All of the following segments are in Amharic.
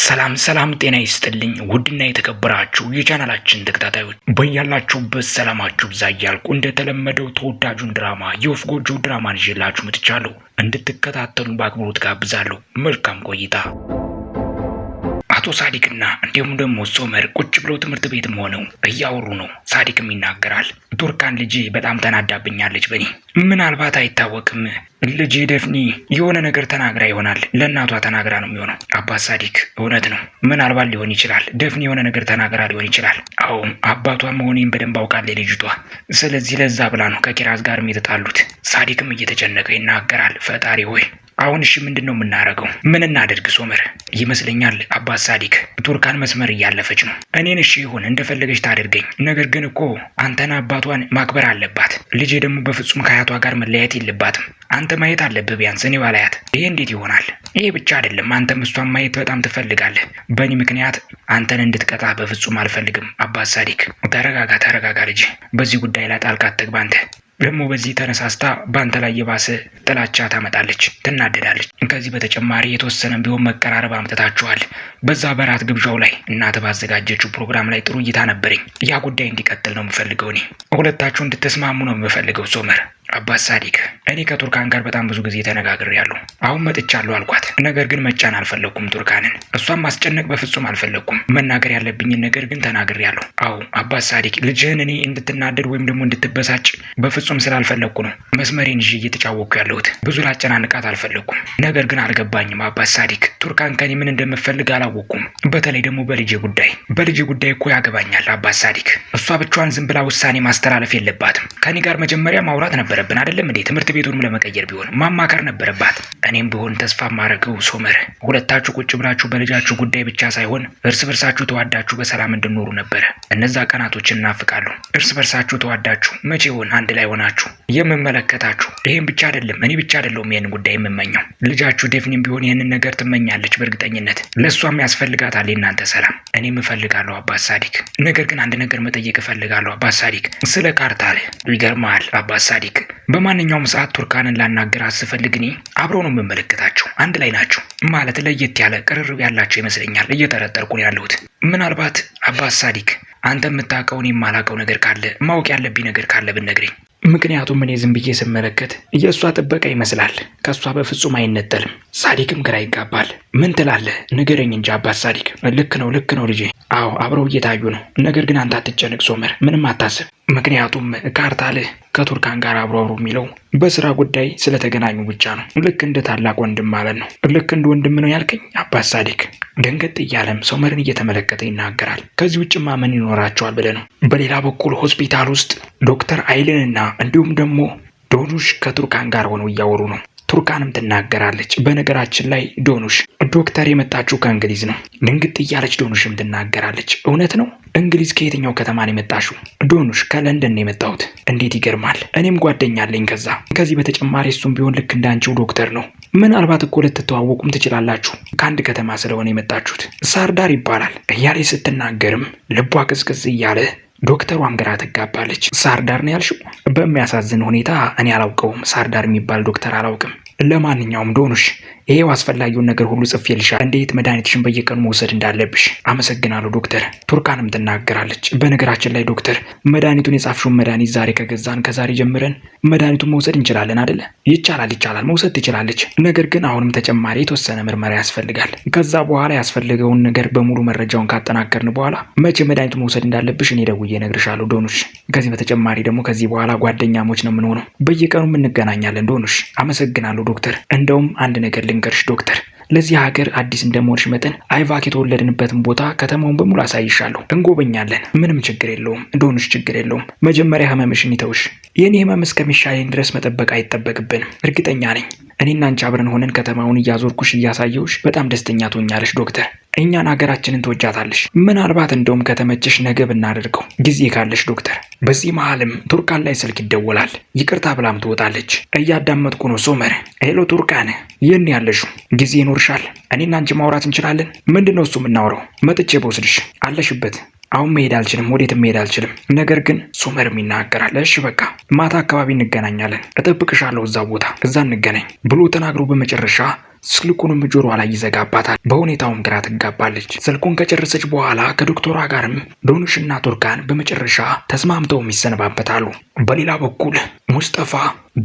ሰላም ሰላም፣ ጤና ይስጥልኝ ውድና የተከበራችሁ የቻናላችን ተከታታዮች በያላችሁበት ሰላማችሁ ብዛ እያልኩ እንደተለመደው ተወዳጁን ድራማ የወፍ ጎጆ ድራማን ይዤላችሁ መጥቻለሁ። እንድትከታተሉን በአክብሮት ጋብዛለሁ። መልካም ቆይታ አቶ ሳዲቅና እንዲሁም ደግሞ ሶመር ቁጭ ብሎ ትምህርት ቤትም ሆነው እያወሩ ነው። ሳዲክም ይናገራል። ቱርካን ልጄ በጣም ተናዳብኛለች በኔ ምናልባት አይታወቅም ልጄ ደፍኒ የሆነ ነገር ተናግራ ይሆናል። ለእናቷ ተናግራ ነው የሚሆነው። አባት ሳዲክ እውነት ነው፣ ምናልባት ሊሆን ይችላል። ደፍኒ የሆነ ነገር ተናግራ ሊሆን ይችላል። አዎ አባቷ መሆኔን በደንብ አውቃለች ልጅቷ። ስለዚህ ለዛ ብላ ነው ከኪራዝ ጋርም የተጣሉት። ሳዲክም እየተጨነቀ ይናገራል። ፈጣሪ ሆይ አሁን እሺ ምንድን ነው የምናደርገው? ምን እናደርግ? ሶመር ይመስለኛል አባት ሳዲክ ቱርካን መስመር እያለፈች ነው። እኔን እሺ ይሁን እንደፈለገች ታደርገኝ፣ ነገር ግን እኮ አንተና አባቷን ማክበር አለባት። ልጄ ደግሞ በፍጹም ከአያቷ ጋር መለያየት የለባትም። አንተ ማየት አለብህ ቢያንስ እኔ ባላያት። ይሄ እንዴት ይሆናል? ይሄ ብቻ አይደለም፣ አንተም እሷን ማየት በጣም ትፈልጋለህ። በእኔ ምክንያት አንተን እንድትቀጣ በፍጹም አልፈልግም። አባት ሳዲክ ተረጋጋ፣ ተረጋጋ ልጅ። በዚህ ጉዳይ ላይ ጣልቃ አትግባ አንተ ደግሞ በዚህ ተነሳስታ በአንተ ላይ የባሰ ጥላቻ ታመጣለች፣ ትናደዳለች። ከዚህ በተጨማሪ የተወሰነም ቢሆን መቀራረብ አምጥታችኋል። በዛ በራት ግብዣው ላይ እናተ ባዘጋጀችው ፕሮግራም ላይ ጥሩ እይታ ነበረኝ። ያ ጉዳይ እንዲቀጥል ነው የምፈልገው እኔ። ሁለታችሁ እንድትስማሙ ነው የምፈልገው ሶመር አባት ሳዲቅ፣ እኔ ከቱርካን ጋር በጣም ብዙ ጊዜ ተነጋግሬያለሁ። አሁን መጥቻለሁ አልኳት። ነገር ግን መጫን አልፈለግኩም ቱርካንን። እሷን ማስጨነቅ በፍጹም አልፈለግኩም። መናገር ያለብኝን ነገር ግን ተናግሬያለሁ። አዎ አባት ሳዲቅ፣ ልጅህን እኔ እንድትናደድ ወይም ደግሞ እንድትበሳጭ በፍጹም ስላልፈለግኩ ነው መስመሬን ይዤ እየተጫወቅኩ ያለሁት። ብዙ ላጨናንቃት አልፈለግኩም። ነገር ግን አልገባኝም አባት ሳዲቅ። ቱርካን ከኔ ምን እንደምፈልግ አላወቅኩም። በተለይ ደግሞ በልጄ ጉዳይ በልጄ ጉዳይ እኮ ያገባኛል አባት ሳዲቅ። እሷ ብቻዋን ዝም ብላ ውሳኔ ማስተላለፍ የለባትም። ከኔ ጋር መጀመሪያ ማውራት ነበረ ነበረብን አይደለም እንዴ? ትምህርት ቤቱንም ለመቀየር ቢሆን ማማከር ነበረባት። እኔም ቢሆን ተስፋ ማድረገው ሶመር፣ ሁለታችሁ ቁጭ ብላችሁ በልጃችሁ ጉዳይ ብቻ ሳይሆን እርስ በርሳችሁ ተዋዳችሁ በሰላም እንድኖሩ ነበረ። እነዛ ቀናቶችን እናፍቃሉ። እርስ በርሳችሁ ተዋዳችሁ መቼ ሆን አንድ ላይ ሆናችሁ የምመለከታችሁ። ይህም ብቻ አይደለም እኔ ብቻ አይደለሁም ይህን ጉዳይ የምመኘው። ልጃችሁ ደፍኒም ቢሆን ይህንን ነገር ትመኛለች በእርግጠኝነት። ለእሷም ያስፈልጋታል የእናንተ ሰላም። እኔም እፈልጋለሁ አባት ሳዲክ። ነገር ግን አንድ ነገር መጠየቅ እፈልጋለሁ አባት ሳዲክ፣ ስለ ካርታል። ይገርመሃል አባት ሳዲክ በማንኛውም ሰዓት ቱርካንን ላናገራት አስፈልግ እኔ አብረው ነው የምመለከታቸው። አንድ ላይ ናቸው ማለት ለየት ያለ ቅርርብ ያላቸው ይመስለኛል። እየጠረጠርኩ ነው ያለሁት። ምናልባት አባስ ሳዲክ አንተ የምታውቀውን የማላውቀው ነገር ካለ ማወቅ ያለብኝ ነገር ካለ ብነግረኝ ምክንያቱም እኔ ዝም ብዬ ስመለከት የእሷ ጥበቃ ይመስላል። ከእሷ በፍጹም አይነጠልም። ሳዲቅም ግራ ይጋባል። ምን ትላለህ? ንገረኝ እንጂ አባት ሳዲቅ። ልክ ነው ልክ ነው ልጄ። አዎ አብረው እየታዩ ነው። ነገር ግን አንተ አትጨንቅ ሶመር፣ ምንም አታስብ። ምክንያቱም ካርታልህ ከቱርካን ጋር አብሮ አብሮ የሚለው በስራ ጉዳይ ስለተገናኙ ብቻ ነው። ልክ እንደ ታላቅ ወንድም ማለት ነው። ልክ እንደ ወንድም ነው ያልከኝ አባት ሳዲቅ? ደንገጥ እያለም ሶመርን እየተመለከተ ይናገራል። ከዚህ ውጭማ ምን ይኖራቸዋል ብለህ ነው? በሌላ በኩል ሆስፒታል ውስጥ ዶክተር አይልንና እንዲሁም ደግሞ ዶኑሽ ከቱርካን ጋር ሆነው እያወሩ ነው። ቱርካንም ትናገራለች። በነገራችን ላይ ዶኑሽ ዶክተር የመጣችው ከእንግሊዝ ነው። ድንግጥ እያለች ዶኑሽም ትናገራለች። እውነት ነው? እንግሊዝ ከየትኛው ከተማ ነው የመጣሽው? ዶኑሽ ከለንደን ነው የመጣሁት። እንዴት ይገርማል። እኔም ጓደኛ አለኝ ከዛ። ከዚህ በተጨማሪ እሱም ቢሆን ልክ እንዳንቺው ዶክተር ነው። ምናልባት እኮ ልትተዋወቁም ትችላላችሁ። ከአንድ ከተማ ስለሆነ የመጣችሁት ሳርዳር ይባላል እያለች ስትናገርም ልቧ ቅዝቅዝ እያለ ዶክተሯም ግራ ትጋባለች። ሳርዳር ነው ያልሽው? በሚያሳዝን ሁኔታ እኔ አላውቀውም። ሳርዳር የሚባል ዶክተር አላውቅም። ለማንኛውም ዶኑሽ ይሄው አስፈላጊውን ነገር ሁሉ ጽፌልሻለሁ፣ እንዴት መድኃኒትሽን በየቀኑ መውሰድ እንዳለብሽ። አመሰግናለሁ ዶክተር። ቱርካንም ትናገራለች። በነገራችን ላይ ዶክተር፣ መድኃኒቱን የጻፍሽውን መድኃኒት ዛሬ ከገዛን ከዛሬ ጀምረን መድኃኒቱን መውሰድ እንችላለን አደለ? ይቻላል፣ ይቻላል፣ መውሰድ ትችላለች። ነገር ግን አሁንም ተጨማሪ የተወሰነ ምርመራ ያስፈልጋል። ከዛ በኋላ ያስፈልገውን ነገር በሙሉ መረጃውን ካጠናከርን በኋላ መቼ መድኃኒቱን መውሰድ እንዳለብሽ እኔ ደውዬ እነግርሻለሁ ዶኑሽ። ከዚህ በተጨማሪ ደግሞ ከዚህ በኋላ ጓደኛሞች ነው የምንሆነው፣ በየቀኑ እንገናኛለን ዶኑሽ። አመሰግናለሁ ዶክተር። እንደውም አንድ ነገር ልንገ ልንገርሽ ዶክተር ለዚህ ሀገር አዲስ እንደመሆንሽ መጠን አይቫክ የተወለድንበትን ቦታ ከተማውን በሙሉ አሳይሻለሁ። እንጎበኛለን። ምንም ችግር የለውም እንደሆንሽ ችግር የለውም። መጀመሪያ ህመምሽን ይተውሽ። የኔ ህመም እስከሚሻለኝ ድረስ መጠበቅ አይጠበቅብንም። እርግጠኛ ነኝ እኔና አንቺ አብረን ሆነን ከተማውን እያዞርኩሽ እያሳየውሽ በጣም ደስተኛ ትሆኛለሽ ዶክተር። እኛን ሀገራችንን ትወጃታለሽ። ምናልባት እንደውም ከተመቸሽ ነገ ብናደርገው ጊዜ ካለሽ ዶክተር። በዚህ መሀልም ቱርካን ላይ ስልክ ይደወላል። ይቅርታ ብላም ትወጣለች። እያዳመጥኩ ነው ሶመር። ሄሎ ቱርካን፣ ይህን ያለሹ ጊዜ ይኖርሻል። እኔና አንቺ ማውራት እንችላለን። ምንድን ነው እሱ የምናውረው? መጥቼ በወስድሽ አለሽበት አሁን መሄድ አልችልም፣ ወዴትም መሄድ አልችልም። ነገር ግን ሱመር ይናገራል። እሺ በቃ ማታ አካባቢ እንገናኛለን፣ እጠብቅሻለሁ እዛ ቦታ፣ እዛ እንገናኝ ብሎ ተናግሮ በመጨረሻ ስልኩንም ጆሯ ላይ ይዘጋባታል። በሁኔታውም ግራ ትጋባለች። ስልኩን ከጨረሰች በኋላ ከዶክተሯ ጋርም ዶኑሽና ቱርካን በመጨረሻ ተስማምተውም ይሰነባበታሉ። በሌላ በኩል ሙስጠፋ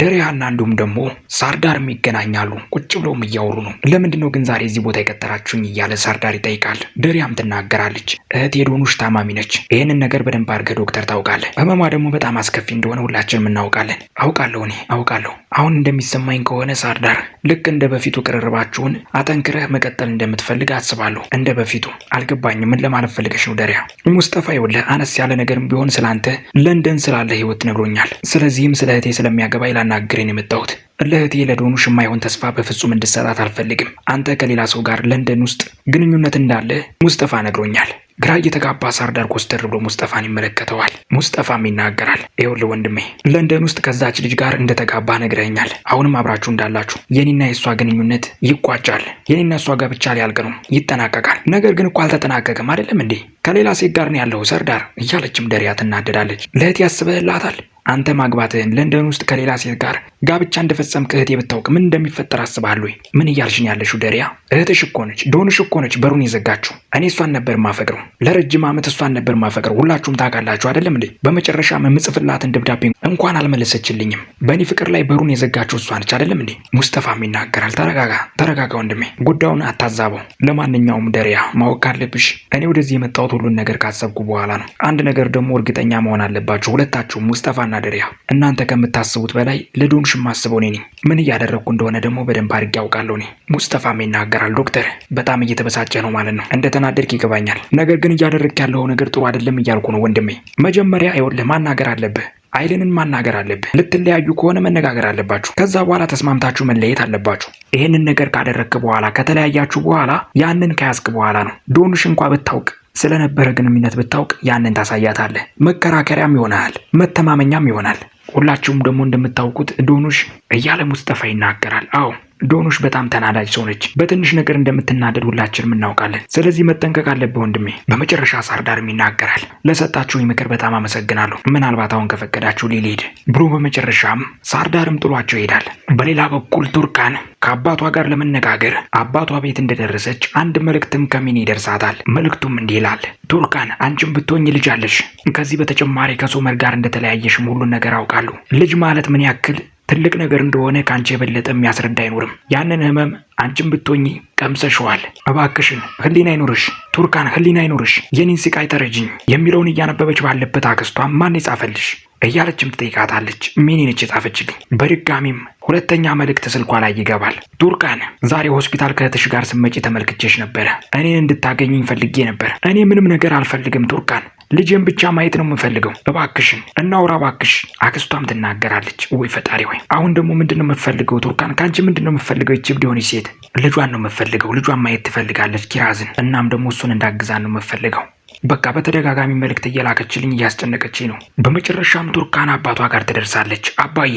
ደሪያና እንዲሁም ደግሞ ሳርዳርም ይገናኛሉ። ቁጭ ብለውም እያወሩ ነው። ለምንድን ነው ግን ዛሬ እዚህ ቦታ የቀጠራችሁኝ? እያለ ሳርዳር ይጠይቃል። ደሪያም ትናገራለች። እህት የዶኑሽ ታማሚ ነች። ይህንን ነገር በደንብ አድርገህ ዶክተር ታውቃለህ። ህመሟ ደግሞ በጣም አስከፊ እንደሆነ ሁላችንም እናውቃለን። አውቃለሁ፣ እኔ አውቃለሁ። አሁን እንደሚሰማኝ ከሆነ ሳርዳር፣ ልክ እንደ በፊቱ ቅርርባችሁን አጠንክረህ መቀጠል እንደምትፈልግ አስባለሁ። እንደ በፊቱ አልገባኝም። ምን ለማለት ፈልገሽ ነው ደሪያ? ሙስጠፋ፣ ይኸውልህ አነስ ያለ ነገርም ቢሆን ስላንተ ለንደን ስላለ ህይወት ነግሮኛል። ስለዚህም ስለ እህቴ ስለሚያገባ ላናግሬን የመጣሁት ለእህቴ ለዶኑሽ የማይሆን ተስፋ በፍጹም እንድሰጣት አልፈልግም። አንተ ከሌላ ሰው ጋር ለንደን ውስጥ ግንኙነት እንዳለ ሙስጠፋ ነግሮኛል። ግራ እየተጋባ ሳርዳር ኮስተር ብሎ ሙስጠፋን ይመለከተዋል። ሙስጠፋም ይናገራል። ይኸውልህ ወንድሜ ለንደን ውስጥ ከዛች ልጅ ጋር እንደተጋባ ነግረኛል። አሁንም አብራችሁ እንዳላችሁ የኔና የእሷ ግንኙነት ይቋጫል። የኔና እሷ ጋብቻ ሊያልቅ ነው፣ ይጠናቀቃል። ነገር ግን እኮ አልተጠናቀቀም አይደለም እንዴ? ከሌላ ሴት ጋር ነው ያለው ሰርዳር እያለችም ደሪያ ትናደዳለች። ለእህቴ ያስበህላታል አንተ ማግባትህን ለንደን ውስጥ ከሌላ ሴት ጋር ጋብቻ እንደፈጸምክ እህቴ ብታውቅ ምን እንደሚፈጠር አስባሉ ምን እያልሽን ያለሽው ደሪያ? እህትሽ እኮ ነች፣ ዶንሽ እኮ ነች በሩን የዘጋችው። እኔ እሷን ነበር ማፈቅረው፣ ለረጅም ዓመት እሷን ነበር ማፈቅረው። ሁላችሁም ታውቃላችሁ አይደለም እንዴ? በመጨረሻ የምጽፍላትን ደብዳቤ እንኳን አልመለሰችልኝም። በእኔ ፍቅር ላይ በሩን የዘጋችው እሷ ነች አይደለም እንዴ? ሙስተፋም ይናገራል። ተረጋጋ፣ ተረጋጋ ወንድሜ፣ ጉዳዩን አታዛበው። ለማንኛውም ደሪያ፣ ማወቅ ካለብሽ እኔ ወደዚህ የመጣሁት ሁሉን ነገር ካሰብኩ በኋላ ነው። አንድ ነገር ደግሞ እርግጠኛ መሆን አለባችሁ ሁለታችሁም ሙስተፋና ማደናደሪያ። እናንተ ከምታስቡት በላይ ለዶንሽ የማስበው እኔ ነኝ። ምን እያደረግኩ እንደሆነ ደግሞ በደንብ አድርጌ አውቃለሁ። እኔ ሙስጠፋም ይናገራል። ዶክተር በጣም እየተበሳጨ ነው ማለት ነው። እንደተናደድክ ይገባኛል። ነገር ግን እያደረግክ ያለው ነገር ጥሩ አይደለም እያልኩ ነው ወንድሜ። መጀመሪያ ይኸውልህ ማናገር አለብህ አይልንን ማናገር አለብህ። ልትለያዩ ከሆነ መነጋገር አለባችሁ። ከዛ በኋላ ተስማምታችሁ መለየት አለባችሁ። ይህንን ነገር ካደረግክ በኋላ ከተለያያችሁ በኋላ ያንን ከያዝክ በኋላ ነው ዶንሽ እንኳ ብታውቅ ስለነበረ ግንኙነት ብታውቅ ያንን ታሳያታለህ። መከራከሪያም ይሆናል፣ መተማመኛም ይሆናል። ሁላችሁም ደግሞ እንደምታውቁት ዶኑሽ እያለ ሙስጠፋ ይናገራል። አዎ ዶኖሽ በጣም ተናዳጅ ሰው ነች። በትንሽ ነገር እንደምትናደድ ሁላችንም እናውቃለን። ስለዚህ መጠንቀቅ አለብህ ወንድሜ። በመጨረሻ ሳርዳርም ይናገራል። ለሰጣችሁኝ ምክር በጣም አመሰግናለሁ። ምናልባት አሁን ከፈቀዳችሁ ሊሊድ ብሎ በመጨረሻም ሳርዳርም ጥሏቸው ይሄዳል። በሌላ በኩል ቱርካን ከአባቷ ጋር ለመነጋገር አባቷ ቤት እንደደረሰች አንድ መልእክትም ከሚኒ ይደርሳታል። መልእክቱም እንዲህ ይላል። ቱርካን አንቺም ብትሆኝ ልጅ አለሽ። ከዚህ በተጨማሪ ከሶመር ጋር እንደተለያየሽም ሁሉን ነገር አውቃለሁ። ልጅ ማለት ምን ያክል ትልቅ ነገር እንደሆነ ከአንቺ የበለጠ የሚያስረዳ አይኖርም። ያንን ህመም አንቺም ብትሆኚ ቀምሰሽዋል። እባክሽን ህሊና አይኖርሽ ቱርካን፣ ህሊና አይኖርሽ የኔን ስቃይ ተረጅኝ የሚለውን እያነበበች ባለበት አክስቷ ማን የጻፈልሽ እያለችም ትጠይቃታለች። ሚኒ ነች የጻፈችልኝ። በድጋሚም ሁለተኛ መልእክት ስልኳ ላይ ይገባል። ቱርካን፣ ዛሬ ሆስፒታል ከእህትሽ ጋር ስመጪ ተመልክቼሽ ነበረ። እኔን እንድታገኘኝ ፈልጌ ነበር። እኔ ምንም ነገር አልፈልግም ቱርካን ልጄን ብቻ ማየት ነው የምፈልገው። እባክሽን እናውራ እባክሽ። አክስቷም ትናገራለች። ወይ ፈጣሪ ወይ! አሁን ደግሞ ምንድን ነው የምፈልገው? ቱርካን ከአንቺ ምንድን ነው የምፈልገው? ይችብ ሊሆን ሴት ልጇን ነው የምፈልገው። ልጇን ማየት ትፈልጋለች ኪራዝን። እናም ደግሞ እሱን እንዳግዛን ነው የምፈልገው። በቃ በተደጋጋሚ መልእክት እየላከችልኝ እያስጨነቀችኝ ነው። በመጨረሻም ቱርካን አባቷ ጋር ትደርሳለች። አባዬ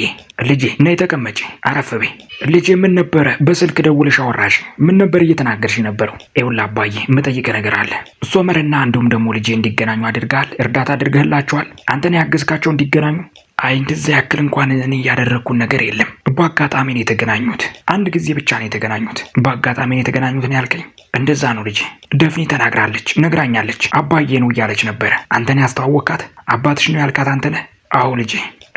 ልጄ ነይ ተቀመጪ፣ አረፍ በይ። ልጄ ምን ነበረ በስልክ ደውልሽ አወራሽ? ምን ነበር እየተናገርሽ ነበረው? ይኸውልህ አባዬ መጠይቅ ነገር አለ። ሶመርና እንዲሁም ደግሞ ልጄ እንዲገናኙ አድርገሃል? እርዳታ አድርገህላቸዋል? አንተን ያገዝካቸው እንዲገናኙ አይ እንደዚያ ያክል እንኳን እኔ እያደረግኩን ነገር የለም። በአጋጣሚ ነው የተገናኙት። አንድ ጊዜ ብቻ ነው የተገናኙት። በአጋጣሚ ነው የተገናኙት ነው ያልከኝ? እንደዛ ነው ልጅ። ደፍኔ ተናግራለች፣ ነግራኛለች። አባዬ ነው እያለች ነበረ። አንተን ያስተዋወካት አባትሽ ነው ያልካት አንተነ? አዎ ልጅ።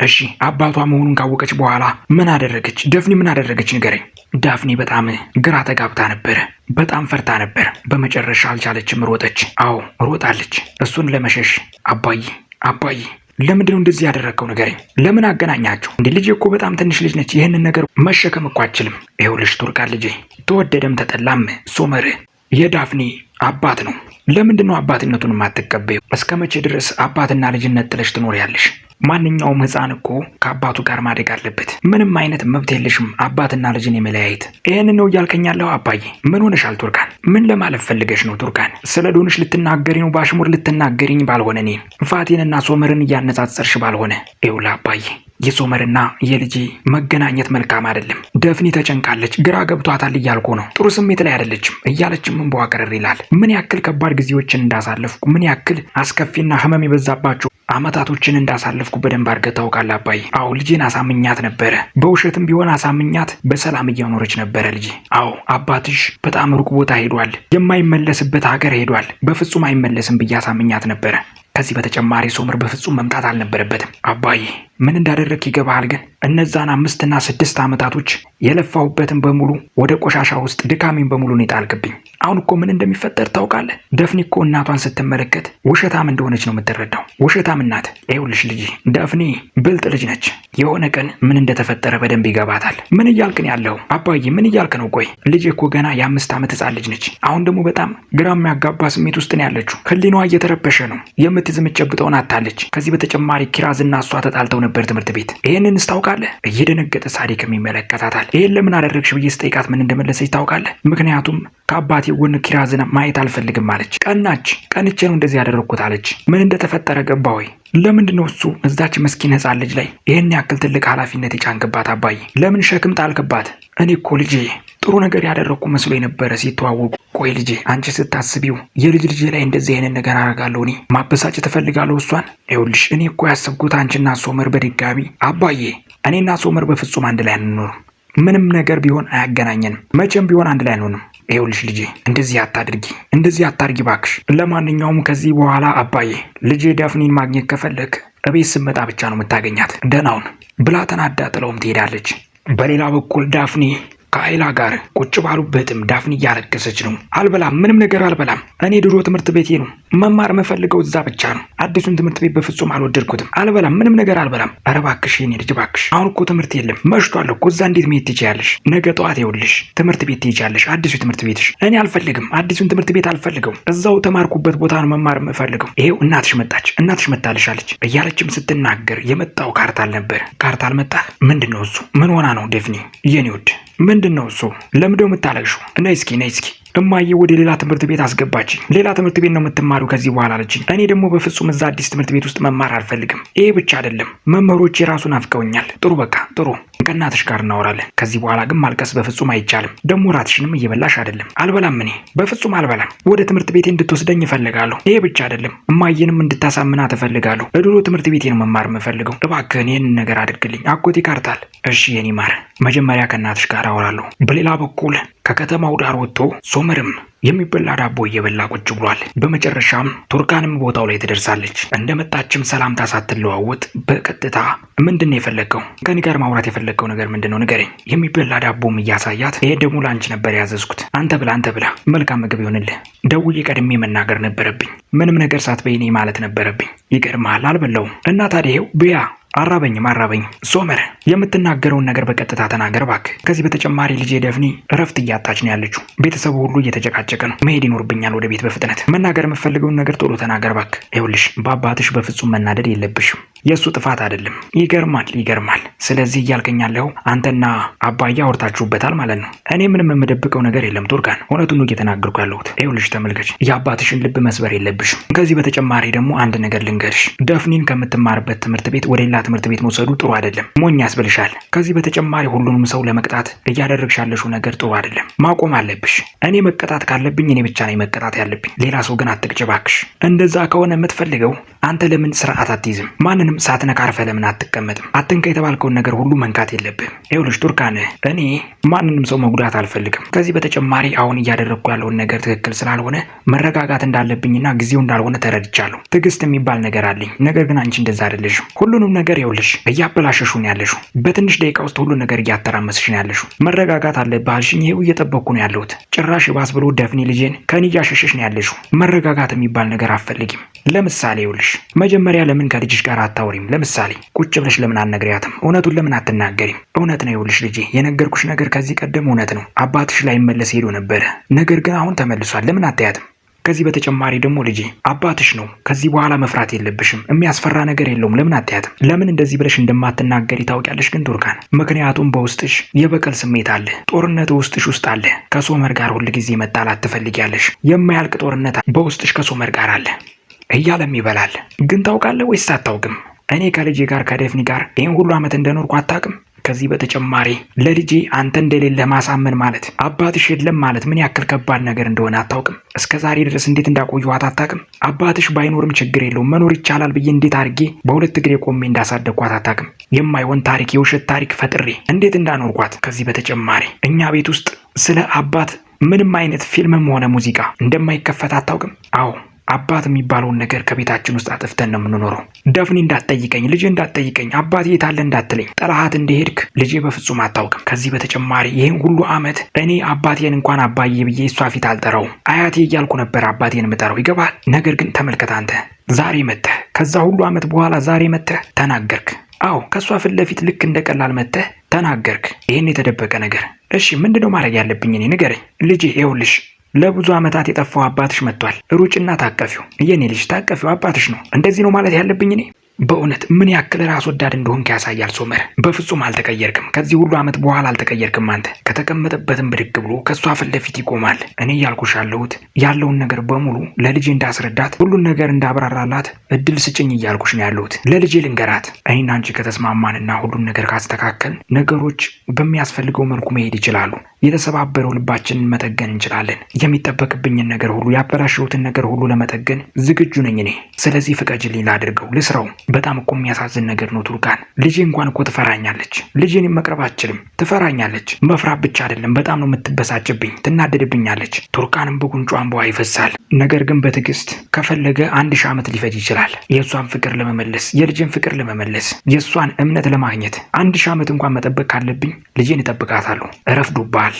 እሺ አባቷ መሆኑን ካወቀች በኋላ ምን አደረገች? ደፍኒ ምን አደረገች ንገረኝ። ዳፍኔ በጣም ግራ ተጋብታ ነበረ። በጣም ፈርታ ነበር። በመጨረሻ አልቻለችም፣ ሮጠች። አዎ ሮጣለች። እሱን ለመሸሽ አባዬ አባዬ ለምንድነው እንደዚህ ያደረገው ንገረኝ። ለምን አገናኛችሁ እንዴ? ልጅ እኮ በጣም ትንሽ ልጅ ነች። ይህንን ነገር መሸከም እኮ አችልም። ይኸውልሽ ቱርካን ልጄ ተወደደም ተጠላም ሶመር የዳፍኔ አባት ነው። ለምንድን ነው አባትነቱን የማትቀበዩ? እስከ መቼ ድረስ አባትና ልጅነት ጥለሽ ትኖሪያለሽ? ማንኛውም ህፃን እኮ ከአባቱ ጋር ማደግ አለበት። ምንም አይነት መብት የለሽም አባትና ልጅን የመለያየት። ይህን ነው እያልከኝ ያለኸው? አባዬ ምን ሆነሻል? ቱርካን ምን ለማለት ፈልገሽ ነው? ቱርካን ስለ ዶንሽ ልትናገሪ ነው? በአሽሙር ልትናገሪኝ ባልሆነ እኔን ፋቴንና ሶመርን እያነጻጸርሽ ባልሆነ ይውላ አባዬ የሶመርና የልጄ መገናኘት መልካም አይደለም። ደፍኒ ተጨንቃለች፣ ግራ ገብቷታል እያልኩ ነው። ጥሩ ስሜት ላይ አይደለችም እያለችም እንባዋ ቅርር ይላል። ምን ያክል ከባድ ጊዜዎችን እንዳሳለፍኩ፣ ምን ያክል አስከፊና ህመም የበዛባቸው አመታቶችን እንዳሳለፍኩ በደንብ አድርገህ ታውቃለህ አባዬ። አዎ ልጄን አሳምኛት ነበረ፣ በውሸትም ቢሆን አሳምኛት በሰላም እየኖረች ነበረ ልጄ። አዎ አባትሽ በጣም ሩቅ ቦታ ሄዷል፣ የማይመለስበት ሀገር ሄዷል፣ በፍጹም አይመለስም ብዬ አሳምኛት ነበረ። ከዚህ በተጨማሪ ሶመር በፍጹም መምጣት አልነበረበትም አባዬ ምን እንዳደረግ ይገባሃል። ግን እነዛን አምስትና ስድስት ዓመታቶች የለፋሁበትን በሙሉ ወደ ቆሻሻ ውስጥ ድካሜን በሙሉ ነው የጣልክብኝ። አሁን እኮ ምን እንደሚፈጠር ታውቃለህ? ደፍኔ እኮ እናቷን ስትመለከት ውሸታም እንደሆነች ነው የምትረዳው። ውሸታም እናት። ይኸውልሽ ልጅ ደፍኔ ብልጥ ልጅ ነች። የሆነ ቀን ምን እንደተፈጠረ በደንብ ይገባታል። ምን እያልክ ነው ያለው? አባዬ ምን እያልክ ነው? ቆይ ልጅ እኮ ገና የአምስት ዓመት ህፃን ልጅ ነች። አሁን ደግሞ በጣም ግራ የሚያጋባ ስሜት ውስጥ ነው ያለችው። ህሊኗ እየተረበሸ ነው። የምትዝምጨብጠውን አታለች። ከዚህ በተጨማሪ ኪራዝና እሷ ተጣልተው ነበር ትምህርት ቤት። ይህንን ስታውቃለህ? እየደነገጠ ሳዲክም ይመለከታታል። ይህን ለምን አደረግሽ ብዬ ስጠይቃት ምን እንደመለሰች ታውቃለህ? ምክንያቱም ከአባቴ ጎን ኪራዝን ማየት አልፈልግም አለች። ቀናች። ቀንቼ ነው እንደዚህ ያደረግኩት አለች። ምን እንደተፈጠረ ገባ ወይ? ለምንድን ነው እሱ እዛች መስኪን ህፃን ልጅ ላይ ይህን ያክል ትልቅ ኃላፊነት የጫንክባት? አባዬ ለምን ሸክም ጣልክባት? እኔ እኮ ልጄ ጥሩ ነገር ያደረግኩ መስሎ የነበረ ሲተዋወቁ። ቆይ ልጄ፣ አንቺ ስታስቢው የልጅ ልጄ ላይ እንደዚህ አይነት ነገር አደርጋለሁ እኔ ማበሳጨት እፈልጋለሁ እሷን? ይኸውልሽ እኔ እኮ ያሰብኩት አንቺና ሶመር በድጋሚ አባዬ፣ እኔና ሶመር በፍጹም አንድ ላይ አንኖርም። ምንም ነገር ቢሆን አያገናኘንም። መቼም ቢሆን አንድ ላይ አንሆንም። ይኸውልሽ ልጄ፣ እንደዚህ አታድርጊ፣ እንደዚህ አታድርጊ ባክሽ። ለማንኛውም ከዚህ በኋላ አባዬ፣ ልጄ ዳፍኒን ማግኘት ከፈለክ እቤት ስመጣ ብቻ ነው የምታገኛት። ደህናውን ብላ ተናዳ ጥለውም ትሄዳለች። በሌላ በኩል ዳፍኔ ከአይላ ጋር ቁጭ ባሉበትም ዳፍን እያለቀሰች ነው። አልበላም፣ ምንም ነገር አልበላም። እኔ ድሮ ትምህርት ቤቴ ነው መማር የምፈልገው እዛ ብቻ ነው። አዲሱን ትምህርት ቤት በፍጹም አልወደድኩትም። አልበላም፣ ምንም ነገር አልበላም። ኧረ እባክሽ የኔ ልጅ እባክሽ፣ አሁን እኮ ትምህርት የለም መሽቷል እኮ እዛ እንዴት መሄድ ትችያለሽ? ነገ ጠዋት ይኸውልሽ ትምህርት ቤት ትሄጃለሽ፣ አዲሱ ትምህርት ቤትሽ። እኔ አልፈልግም፣ አዲሱን ትምህርት ቤት አልፈልገው፣ እዛው ተማርኩበት ቦታ ነው መማር የምፈልገው። ይሄው እናትሽ መጣች፣ እናትሽ አለች። እያለችም ስትናገር የመጣው ካርታል ነበር። ካርታል መጣ። ምንድን ነው እሱ? ምን ሆና ነው ዴፍኒ የኔ ውድ? ምንድን ነው እሱ? ለምዶ የምታለቅሹ? ነይ እስኪ ነይ እስኪ እማዬ ወደ ሌላ ትምህርት ቤት አስገባችኝ። ሌላ ትምህርት ቤት ነው የምትማሩ ከዚህ በኋላ አለችኝ። እኔ ደግሞ በፍጹም እዛ አዲስ ትምህርት ቤት ውስጥ መማር አልፈልግም። ይሄ ብቻ አይደለም፣ መምህሮች የራሱን አፍቀውኛል። ጥሩ በቃ ጥሩ፣ ከእናትሽ ጋር እናወራለን። ከዚህ በኋላ ግን ማልቀስ በፍጹም አይቻልም። ደግሞ ራትሽንም እየበላሽ አይደለም። አልበላም፣ እኔ በፍጹም አልበላም። ወደ ትምህርት ቤቴ እንድትወስደኝ እፈልጋለሁ። ይሄ ብቻ አይደለም፣ እማዬንም እንድታሳምና እፈልጋለሁ። እድሮ ትምህርት ነው መማር የምፈልገው። እባክህን ይህን ነገር አድርግልኝ። አጎቴ ካርታል። እሺ የኔ ማር፣ መጀመሪያ ከእናትሽ ጋር አወራለሁ። በሌላ በኩል ከከተማው ዳር ወጥቶ ሶመርም የሚበላ ዳቦ እየበላ ቁጭ ብሏል። በመጨረሻም ቱርካንም ቦታው ላይ ትደርሳለች። እንደመጣችም ሰላምታ ሳትለዋወጥ በቀጥታ ምንድን ነው የፈለገው? ከኔ ጋር ማውራት የፈለገው ነገር ምንድን ነው ንገረኝ። የሚበላ ዳቦም እያሳያት ይሄ ደግሞ ለአንቺ ነበር ያዘዝኩት። አንተ ብላ አንተ ብላ። መልካም ምግብ ይሆንልህ። ደውዬ ቀድሜ መናገር ነበረብኝ። ምንም ነገር ሳትበይኔ ማለት ነበረብኝ። ይገርምሃል፣ አልበላውም እና ታዲያ ይኸው ብያ አራበኝም አራበኝም። ሶመር የምትናገረውን ነገር በቀጥታ ተናገር እባክህ። ከዚህ በተጨማሪ ልጄ ደፍኒ እረፍት እያጣች ነው ያለችው። ቤተሰቡ ሁሉ እየተጨቃጨቀ ነው። መሄድ ይኖርብኛል ወደ ቤት በፍጥነት። መናገር የምፈልገውን ነገር ቶሎ ተናገር እባክህ። ይኸውልሽ በአባትሽ በፍጹም መናደድ የለብሽም። የእሱ ጥፋት አይደለም። ይገርማል ይገርማል። ስለዚህ እያልከኛለሁ አንተና አባዬ አውርታችሁበታል ማለት ነው። እኔ ምንም የምደብቀው ነገር የለም ቱርካን፣ እውነቱን ነው እየተናገርኩ ያለሁት። ይኸውልሽ ተመልከች፣ የአባትሽን ልብ መስበር የለብሽም። ከዚህ በተጨማሪ ደግሞ አንድ ነገር ልንገርሽ፣ ደፍኒን ከምትማርበት ትምህርት ቤት ወደ ሌላ ትምህርት ቤት መውሰዱ ጥሩ አይደለም፣ ሞኝ ያስብልሻል። ከዚህ በተጨማሪ ሁሉንም ሰው ለመቅጣት እያደረግሽ ያለሽው ነገር ጥሩ አይደለም፣ ማቆም አለብሽ። እኔ መቀጣት ካለብኝ እኔ ብቻ ነኝ መቀጣት ያለብኝ፣ ሌላ ሰው ግን አትቅጭ እንደዛ ከሆነ የምትፈልገው አንተ ለምን ስርዓት አትይዝም? ማንንም ምክንያቱም ሳትነካ አርፈህ ለምን አትቀመጥም? አትንካ የተባልከውን ነገር ሁሉ መንካት የለብህም። ይኸውልሽ ቱርካን፣ እኔ ማንንም ሰው መጉዳት አልፈልግም። ከዚህ በተጨማሪ አሁን እያደረግኩ ያለውን ነገር ትክክል ስላልሆነ መረጋጋት እንዳለብኝና ጊዜው እንዳልሆነ ተረድቻለሁ። ትዕግስት የሚባል ነገር አለኝ። ነገር ግን አንቺ እንደዛ አይደለሽም። ሁሉንም ነገር ይኸውልሽ እያበላሸሹ ነው ያለሽው። በትንሽ ደቂቃ ውስጥ ሁሉ ነገር እያተራመስሽ ነው ያለሽው። መረጋጋት አለብህ አልሽኝ። ይኸው እየጠበቅኩ ነው ያለሁት። ጭራሽ ባስ ብሎ ደፍኔ ልጄን ከኔ እያሸሸሽ ነው ያለሽው። መረጋጋት የሚባል ነገር አትፈልጊም። ለምሳሌ ይኸውልሽ መጀመሪያ ለምን ከልጅሽ ጋር አታ አታውሪም? ለምሳሌ ቁጭ ብለሽ ለምን አልነግሪያትም? እውነቱን ለምን አትናገሪም? እውነት ነው። ይኸውልሽ ልጄ የነገርኩሽ ነገር ከዚህ ቀደም እውነት ነው። አባትሽ ላይመለስ ሄዶ ነበረ፣ ነገር ግን አሁን ተመልሷል። ለምን አታያትም? ከዚህ በተጨማሪ ደግሞ ልጄ አባትሽ ነው። ከዚህ በኋላ መፍራት የለብሽም። የሚያስፈራ ነገር የለውም። ለምን አታያትም? ለምን እንደዚህ ብለሽ እንደማትናገሪ ታውቂያለሽ ግን ቱርካን፣ ምክንያቱም በውስጥሽ የበቀል ስሜት አለ። ጦርነት ውስጥሽ ውስጥ አለ። ከሶመር ጋር ሁልጊዜ መጣላት ትፈልጊያለሽ። የማያልቅ ጦርነት በውስጥሽ ከሶመር ጋር አለ እያለም ይበላል። ግን ታውቃለህ ወይስ አታውቅም? እኔ ከልጄ ጋር ከደፍኒ ጋር ይህን ሁሉ ዓመት እንደኖርኩ አታውቅም። ከዚህ በተጨማሪ ለልጄ አንተ እንደሌለ ማሳመን ማለት አባትሽ የለም ማለት ምን ያክል ከባድ ነገር እንደሆነ አታውቅም። እስከ ዛሬ ድረስ እንዴት እንዳቆየኋት አታውቅም። አባትሽ ባይኖርም ችግር የለውም መኖር ይቻላል ብዬ እንዴት አድርጌ በሁለት እግሬ ቆሜ እንዳሳደግኳት አታውቅም። የማይሆን ታሪክ፣ የውሸት ታሪክ ፈጥሬ እንዴት እንዳኖርኳት። ከዚህ በተጨማሪ እኛ ቤት ውስጥ ስለ አባት ምንም አይነት ፊልምም ሆነ ሙዚቃ እንደማይከፈት አታውቅም። አዎ አባት የሚባለውን ነገር ከቤታችን ውስጥ አጥፍተን ነው የምንኖረው። ደፍኔ እንዳትጠይቀኝ፣ ልጄ እንዳትጠይቀኝ፣ አባቴ የታለ እንዳትለኝ፣ ጥላሃት እንደሄድክ ልጄ በፍጹም አታውቅም። ከዚህ በተጨማሪ ይህን ሁሉ ዓመት እኔ አባቴን እንኳን አባዬ ብዬ እሷ ፊት አልጠራውም። አያቴ እያልኩ ነበር አባቴን የምጠራው። ይገባል። ነገር ግን ተመልከት አንተ ዛሬ መጥተህ ከዛ ሁሉ ዓመት በኋላ ዛሬ መጥተህ ተናገርክ። አዎ ከእሷ ፊት ለፊት ልክ እንደ ቀላል መጥተህ ተናገርክ። ይህን የተደበቀ ነገር እሺ፣ ምንድነው ማድረግ ያለብኝ እኔ? ንገረኝ ልጄ። ይኸውልሽ ለብዙ ዓመታት የጠፋው አባትሽ መጥቷል። ሩጭና ታቀፊው። የኔ ልጅ ታቀፊው፣ አባትሽ ነው። እንደዚህ ነው ማለት ያለብኝ እኔ በእውነት ምን ያክል ራስ ወዳድ እንደሆንክ ያሳያል ሶመር። በፍጹም አልተቀየርክም። ከዚህ ሁሉ ዓመት በኋላ አልተቀየርክም። አንተ ከተቀመጠበትም ብድግ ብሎ ከእሷ ፊት ለፊት ይቆማል። እኔ እያልኩሽ ያለሁት ያለውን ነገር በሙሉ ለልጄ እንዳስረዳት፣ ሁሉን ነገር እንዳብራራላት እድል ስጭኝ እያልኩሽ ነው ያለሁት። ለልጄ ልንገራት። እኔና አንቺ ከተስማማንና ሁሉን ነገር ካስተካከል ነገሮች በሚያስፈልገው መልኩ መሄድ ይችላሉ። የተሰባበረው ልባችንን መጠገን እንችላለን። የሚጠበቅብኝን ነገር ሁሉ፣ ያበላሸሁትን ነገር ሁሉ ለመጠገን ዝግጁ ነኝ እኔ። ስለዚህ ፍቀጅልኝ፣ ላድርገው፣ ልስራው በጣም እኮ የሚያሳዝን ነገር ነው ቱርካን። ልጄ እንኳን እኮ ትፈራኛለች። ልጄን መቅረብ አችልም፣ ትፈራኛለች። መፍራት ብቻ አይደለም፣ በጣም ነው የምትበሳጭብኝ፣ ትናደድብኛለች። ቱርካንም በጉንጯ እንባዋ ይፈሳል። ነገር ግን በትዕግስት ከፈለገ አንድ ሺህ ዓመት ሊፈጅ ይችላል። የእሷን ፍቅር ለመመለስ፣ የልጄን ፍቅር ለመመለስ፣ የእሷን እምነት ለማግኘት አንድ ሺህ ዓመት እንኳን መጠበቅ ካለብኝ ልጄን እጠብቃታለሁ። እረፍዱባል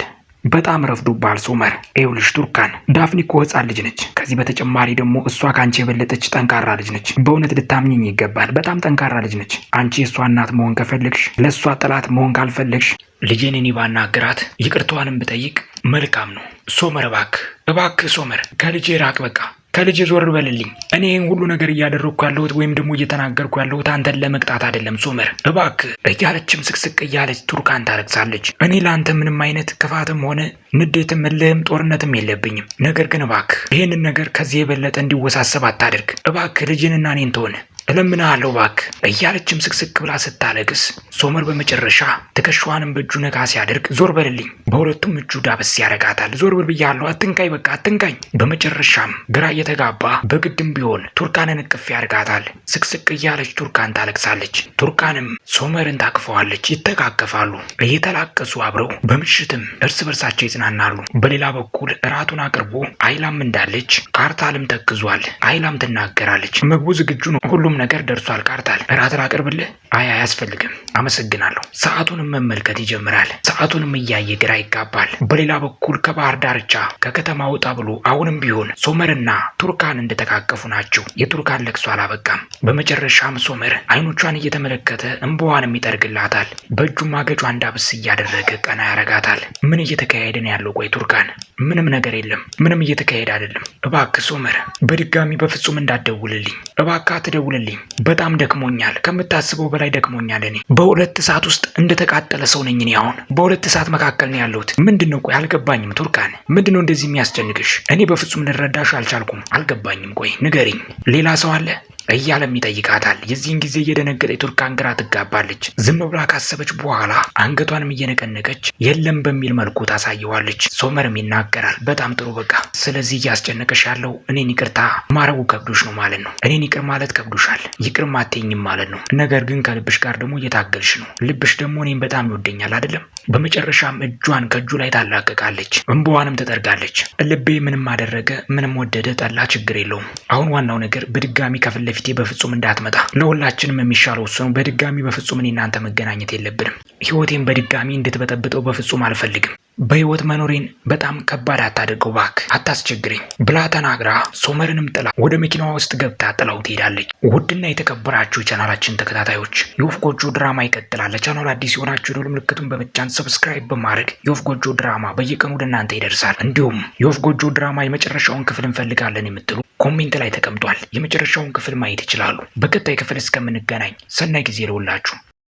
በጣም ረፍዶባል ሶመር። ኤውልሽ ቱርካን ዳፍኒ እኮ ህፃን ልጅ ነች። ከዚህ በተጨማሪ ደግሞ እሷ ከአንቺ የበለጠች ጠንካራ ልጅ ነች። በእውነት ልታምኝኝ ይገባል። በጣም ጠንካራ ልጅ ነች። አንቺ የእሷ እናት መሆን ከፈለግሽ፣ ለእሷ ጠላት መሆን ካልፈለግሽ፣ ልጄን እኔ ባናግራት ይቅርታዋንም ብጠይቅ መልካም ነው። ሶመር እባክህ እባክህ ሶመር ከልጄ ራቅ በቃ ከልጅ ዞር በልልኝ። እኔ ይህን ሁሉ ነገር እያደረግኩ ያለሁት ወይም ደግሞ እየተናገርኩ ያለሁት አንተን ለመቅጣት አይደለም ሶመር፣ እባክህ እያለችም ስቅስቅ እያለች ቱርካን ታረግሳለች። እኔ ለአንተ ምንም አይነት ክፋትም ሆነ ንዴትም፣ እልህም ጦርነትም የለብኝም። ነገር ግን እባክህ ይህንን ነገር ከዚህ የበለጠ እንዲወሳሰብ አታደርግ። እባክህ ልጅንና እኔን ተሆነ እለምንሃለሁ እባክህ እያለችም ስቅስቅ ብላ ስታለቅስ ሶመር በመጨረሻ ትከሻዋንም በእጁ ነካ ሲያደርግ ዞር በልልኝ፣ በሁለቱም እጁ ዳበስ ያረጋታል። ዞር በል ብያለሁ፣ አትንካኝ፣ በቃ አትንካኝ። በመጨረሻም ግራ እየተጋባ በግድም ቢሆን ቱርካንን እቅፍ ያደርጋታል። ስቅስቅ እያለች ቱርካን ታለቅሳለች። ቱርካንም ሶመርን ታቅፈዋለች። ይተቃቀፋሉ። እየተላቀሱ አብረው በምሽትም እርስ በርሳቸው ይጽናናሉ። በሌላ በኩል እራቱን አቅርቦ አይላም እንዳለች ካርታልም ተክዟል። አይላም ትናገራለች። ምግቡ ዝግጁ ነው ሁሉም ሁሉም ነገር ደርሷል። ቃርታል እራት ላቅርብልህ? አይ አያስፈልግም፣ አመሰግናለሁ። ሰዓቱንም መመልከት ይጀምራል። ሰዓቱንም እያየ ግራ ይጋባል። በሌላ በኩል ከባህር ዳርቻ ከከተማ ውጣ ብሎ አሁንም ቢሆን ሶመርና ቱርካን እንደተቃቀፉ ናቸው። የቱርካን ለቅሶ አላበቃም። በመጨረሻም ሶመር አይኖቿን እየተመለከተ እንባዋንም ይጠርግላታል። በእጁም ማገጇ እንዳብስ እያደረገ ቀና ያረጋታል። ምን እየተካሄደ ነው ያለው? ቆይ ቱርካን፣ ምንም ነገር የለም፣ ምንም እየተካሄደ አይደለም። እባክህ ሶመር፣ በድጋሚ በፍጹም እንዳትደውልልኝ እባክህ፣ አትደውልልኝ ጸልዩልኝ። በጣም ደክሞኛል፣ ከምታስበው በላይ ደክሞኛል። እኔ በሁለት ሰዓት ውስጥ እንደተቃጠለ ሰው ነኝ። እኔ አሁን በሁለት ሰዓት መካከል ነው ያለሁት። ምንድን ነው ቆይ አልገባኝም። ቱርካን ምንድን ነው እንደዚህ የሚያስጨንቅሽ? እኔ በፍጹም ልረዳሽ አልቻልኩም። አልገባኝም። ቆይ ንገሪኝ። ሌላ ሰው አለ? እያለም ይጠይቃታል። የዚህን ጊዜ እየደነገጠ ቱርካን ግራ ትጋባለች። ዝም ብላ ካሰበች በኋላ አንገቷንም እየነቀነቀች የለም በሚል መልኩ ታሳየዋለች። ሶመርም ይናገራል። በጣም ጥሩ በቃ ስለዚህ እያስጨነቀሽ ያለው እኔን ይቅርታ ማረጉ ከብዶሽ ነው ማለት ነው። እኔን ይቅር ማለት ከብዶሻል፣ ይቅር ማትኝም ማለት ነው። ነገር ግን ከልብሽ ጋር ደግሞ እየታገልሽ ነው። ልብሽ ደግሞ እኔን በጣም ይወደኛል አይደለም። በመጨረሻም እጇን ከእጁ ላይ ታላቀቃለች፣ እንባዋንም ትጠርጋለች። ልቤ ምንም አደረገ ምንም ወደደ ጠላ ችግር የለውም። አሁን ዋናው ነገር በድጋሚ ከፍለ ወደፊቴ በፍጹም እንዳትመጣ። ለሁላችንም የሚሻለው እሱ ነው። በድጋሚ በፍጹም እኔ እናንተ መገናኘት የለብንም። ህይወቴን በድጋሚ እንድትበጠብጠው በፍጹም አልፈልግም። በህይወት መኖሬን በጣም ከባድ አታድርገው እባክህ አታስቸግረኝ ብላ ተናግራ ሶመርንም ጥላ ወደ መኪናዋ ውስጥ ገብታ ጥላው ትሄዳለች። ውድና የተከበራችሁ የቻናላችን ተከታታዮች የወፍ ጎጆ ድራማ ይቀጥላል። ለቻናሉ አዲስ የሆናችሁ የደወል ምልክቱን በመጫን ሰብስክራይብ በማድረግ የወፍ ጎጆ ድራማ በየቀኑ ወደ እናንተ ይደርሳል። እንዲሁም የወፍ ጎጆ ድራማ የመጨረሻውን ክፍል እንፈልጋለን የምትሉ ኮሜንት ላይ ተቀምጧል። የመጨረሻውን ክፍል ማየት ይችላሉ። በቀጣይ ክፍል እስከምንገናኝ ሰናይ ጊዜ ይለውላችሁ።